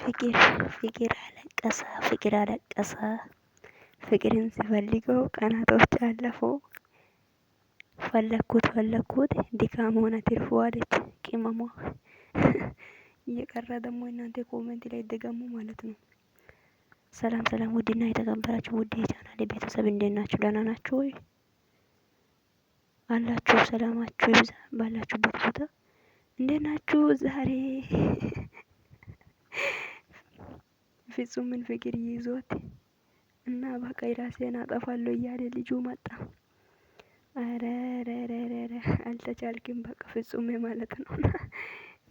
ፍቅር ፍቅር አለቀሰ ፍቅር አለቀሰ ፍቅርን ሲፈልገው ቀናቶች አለፉ። ፈለኩት ፈለኩት ድካም ሆነ ትርፉ አለች ቅመሟ። እየቀረ ደግሞ እናንተ ኮመንት ላይ ደገሙ ማለት ነው። ሰላም ሰላም፣ ውድና የተከበራችሁ ውድ የቻናል ቤተሰብ እንዴት ናችሁ? ደህና ናችሁ ወይ? አላችሁ ሰላማችሁ ይብዛ ባላችሁበት ቦታ እንዴት ናችሁ ዛሬ ፍጹምን ፍቅር ይዞት እና በቃ የራሴን አጠፋለሁ እያለ ልጁ መጣ። አረ አልተቻልክም በቃ ፍጹም ማለት ነው።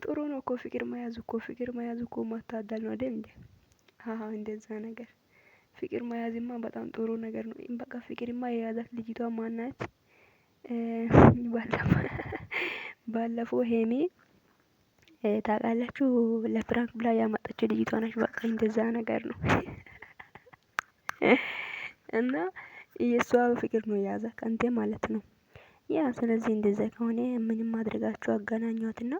ጥሩ ነው እኮ ፍቅር መያዝ እኮ ፍቅር መያዝ እኮ ማታደል ነው አይደል እንዴ? እንደዛ ነገር ፍቅር መያዝማ በጣም ጥሩ ነገር ነው። በቃ ፍቅርማ የያዛት ልጅቷ ማናት? ባለፈው ባለፈው ሄሜ ታውቃላችሁ፣ ለፕራንክ ብላ ያመጣችው ልጅቷ ነች። በቃ እንደዛ ነገር ነው እና የእሷ ፍቅር ነው የያዘ ከንቴ ማለት ነው። ያ ስለዚህ እንደዛ ከሆነ ምንም አድርጋችሁ አገናኟት እና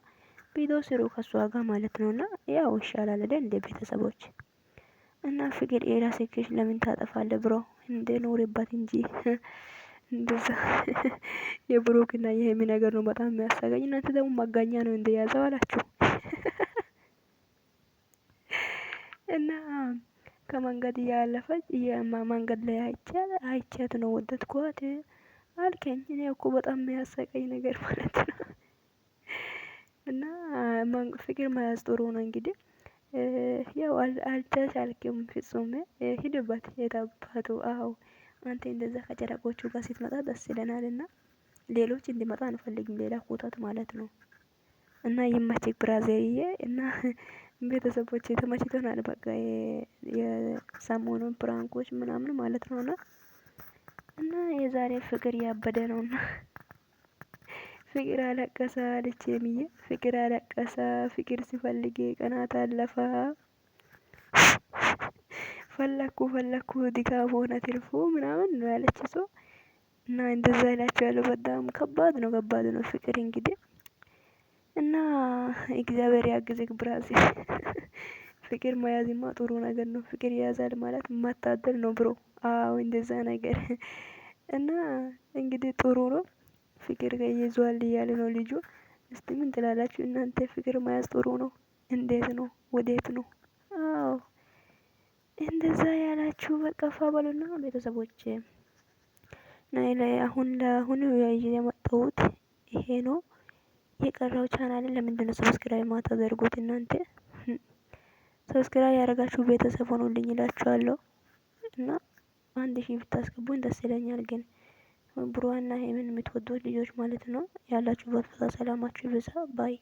ቪዲዮ ስሩ ከእሷ ጋር ማለት ነው። እና ያው ይሻላል አይደል እንደ ቤተሰቦች እና ፍቅር የራስክሽ ለምን ታጠፋለ? ብሮ እንደ ኖርባት እንጂ እንደዛ የብሩክና የሄሚ ነገር ነው በጣም የሚያሳገኝ። እናንተ ደግሞ ማጋኛ ነው እንደያዘው አላችሁ። እና ከመንገድ እያለፈች መንገድ ላይ አይቻል አይቻት ነው ወደድኳት አልከኝ። እኔ እኮ በጣም የሚያሰቀኝ ነገር ማለት ነው። እና ፍቅር መያዝ ጥሩ ነው እንግዲህ ያው አልተቻልክም፣ ፍጹም ሂድበት። የታባቱ አዎ፣ አንተ እንደዛ ከጨረቆቹ ጋር ስትመጣ ደስ ይለናል። እና ሌሎች እንዲመጣ አንፈልግም፣ ሌላ ኮታት ማለት ነው። እና የማቼክ ብራዘርዬ እና ቤተሰቦች የተመችቶናል። በቃ የሰሞኑን ፕራንኮች ምናምን ማለት ነው። እና እና የዛሬ ፍቅር ያበደ ነው ና ፍቅር አለቀሰ አለች የሚዬ ፍቅር አለቀሰ። ፍቅር ሲፈልግ ቀናት አለፈ። ፈለኩ ፈለኩ ድካም ሆነ ትልፎ ምናምን ነው ያለች ሰው እና እንደዛ ይላቸው ያለው በጣም ከባድ ነው፣ ከባድ ነው ፍቅር እንግዲህ እና እግዚአብሔር ያግዝክ ብራዚል። ፍቅር መያዝማ ጥሩ ነገር ነው። ፍቅር ያዛል ማለት ማታደል ነው ብሮ። አዎ እንደዛ ነገር እና እንግዲህ ጥሩ ነው። ፍቅር ይዟል እያለ ነው ልጁ። እስቲ ምን ትላላችሁ እናንተ? ፍቅር መያዝ ጥሩ ነው? እንዴት ነው? ወዴት ነው? አዎ እንደዛ ያላችሁ በቃ ፋ በሉና ቤተሰቦች ናይ ላይ አሁን ለአሁኑ ያየሁት ይሄ ነው። የቀረው ቻናል ለምንድን ነው ሰብስክራይብ ማታደርጉት እናንተ? ሰብስክራይብ ያደረጋችሁ ቤተሰብ ሆኑልኝ እላችኋለሁ። እና አንድ ሺህ ብታስገቡን ደስ ይለኛል። ግን ብሩዋና ሄምን የምትወዱት ልጆች ማለት ነው ያላችሁ ቦታ ሰላማችሁ ይብዛ ባይ